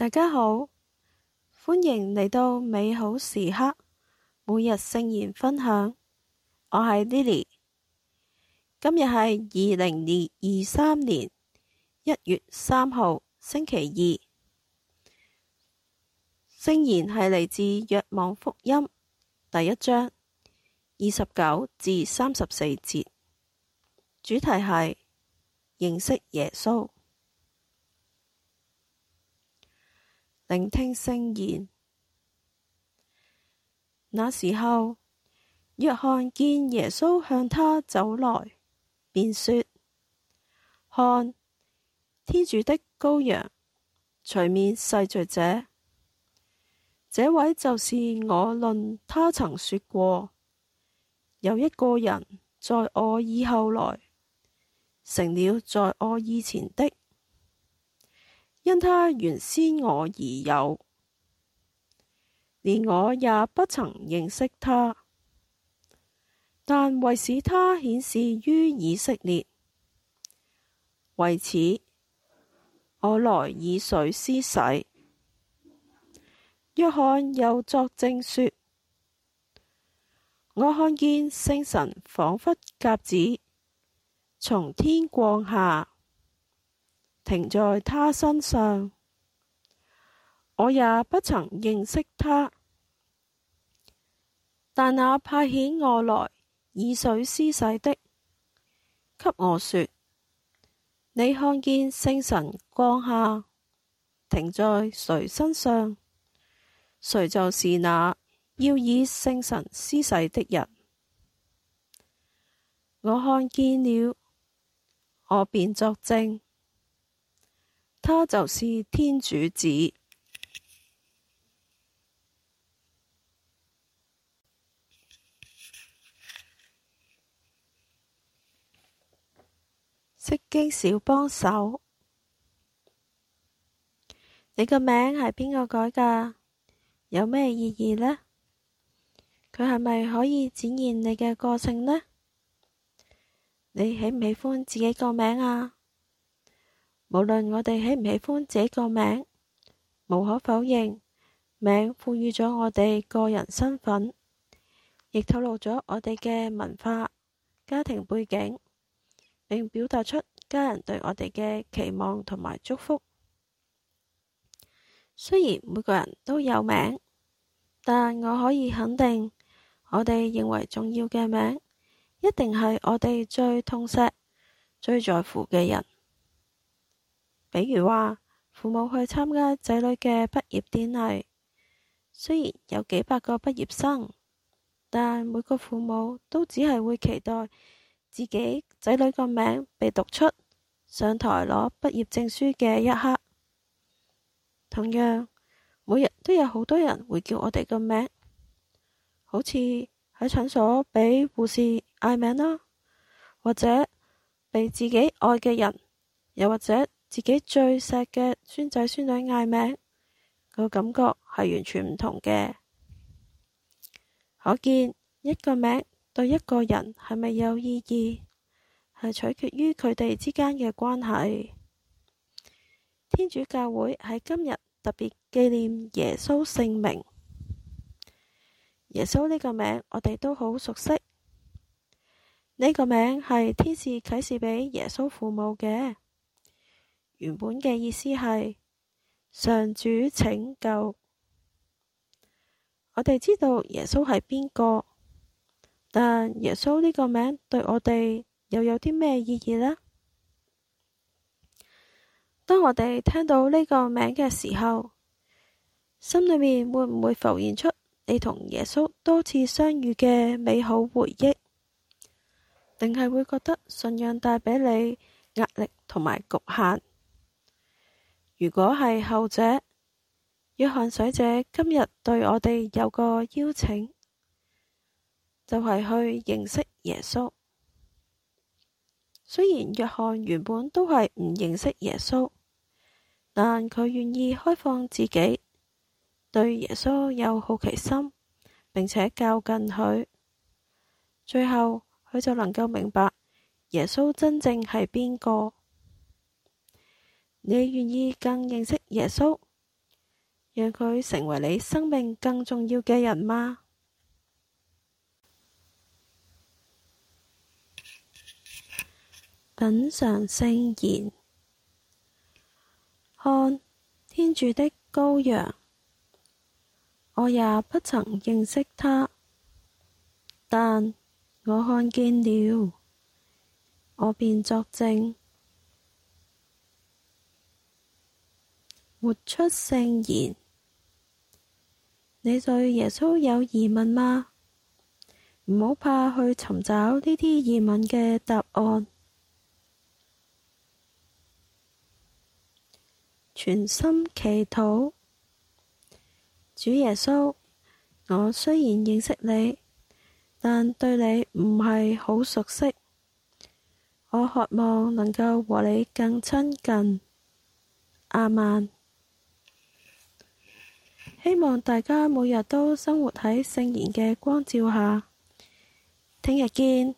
大家好，歡迎嚟到美好時刻每日聖言分享。我係 Lily，今日係二零二三年一月三號星期二。聖言係嚟自《若望福音》第一章二十九至三十四節，主題係認識耶穌。聆聽聖言。那時候，若翰見耶穌向他走來，便說：看，天主的羔羊，除免世罪者。這位就是我論他曾說過，有一個人在我以後來，成了在我以前的。因他原先我而有，連我也不曾認識他，但為使他顯示於以色列，為此我來以水施洗。若翰又作證說：我看見聖神仿佛鴿子從天降下。停在他身上，我也不曾認識他，但那派遣我來以水施洗的，給我說：你看見聖神降下，停在誰身上，誰就是那要以聖神施洗的人。我看見了，我便作證。他就是天主子。釋經小幫手。你個名係邊個改㗎？有咩意義呢？佢係咪可以展現你嘅個性呢？你喜唔喜歡自己個名啊？無論我哋喜唔喜歡這個名，無可否認，名賦予咗我哋個人身份，亦透露咗我哋嘅文化、家庭背景，並表達出家人對我哋嘅期望同埋祝福。雖然每個人都有名，但我可以肯定，我哋認為重要嘅名，一定係我哋最痛錫、最在乎嘅人。比如話，父母去參加仔女嘅畢業典禮，雖然有幾百個畢業生，但每個父母都只係會期待自己仔女個名被讀出，上台攞畢業證書嘅一刻。同樣，每日都有好多人會叫我哋個名，好似喺診所畀護士嗌名啦，或者畀自己愛嘅人，又或者自己最錫嘅孫仔孫女嗌名，個感覺係完全唔同嘅。可見一個名對一個人係咪有意義，係取決於佢哋之間嘅關係。天主教會喺今日特別紀念耶穌聖名。耶穌呢個名我哋都好熟悉，呢、這個名係天使啓示畀耶穌父母嘅。原本嘅意思係上主拯救。我哋知道耶穌係邊個，但耶穌呢個名對我哋又有啲咩意義呢？當我哋聽到呢個名嘅時候，心裏面會唔會浮現出你同耶穌多次相遇嘅美好回憶，定係會覺得信仰帶畀你壓力同埋局限？如果係後者，若翰洗者今日對我哋有個邀請，就係去認識耶穌。雖然若翰原本都係唔認識耶穌，但佢願意開放自己，對耶穌有好奇心，並且靠近佢。最後，佢就能夠明白耶穌真正係邊個。你願意更認識耶穌，讓佢成為你生命更重要嘅人嗎？品嚐聖言，看，天主的羔羊，我也不曾認識他，但我看見了，我便作證。活出聖言，你對耶穌有疑問嗎？唔好怕去尋找呢啲疑問嘅答案，全心祈禱，主耶穌，我雖然認識你，但對你唔係好熟悉，我渴望能夠和你更親近。阿曼。希望大家每日都生活喺聖言嘅光照下。聽日見。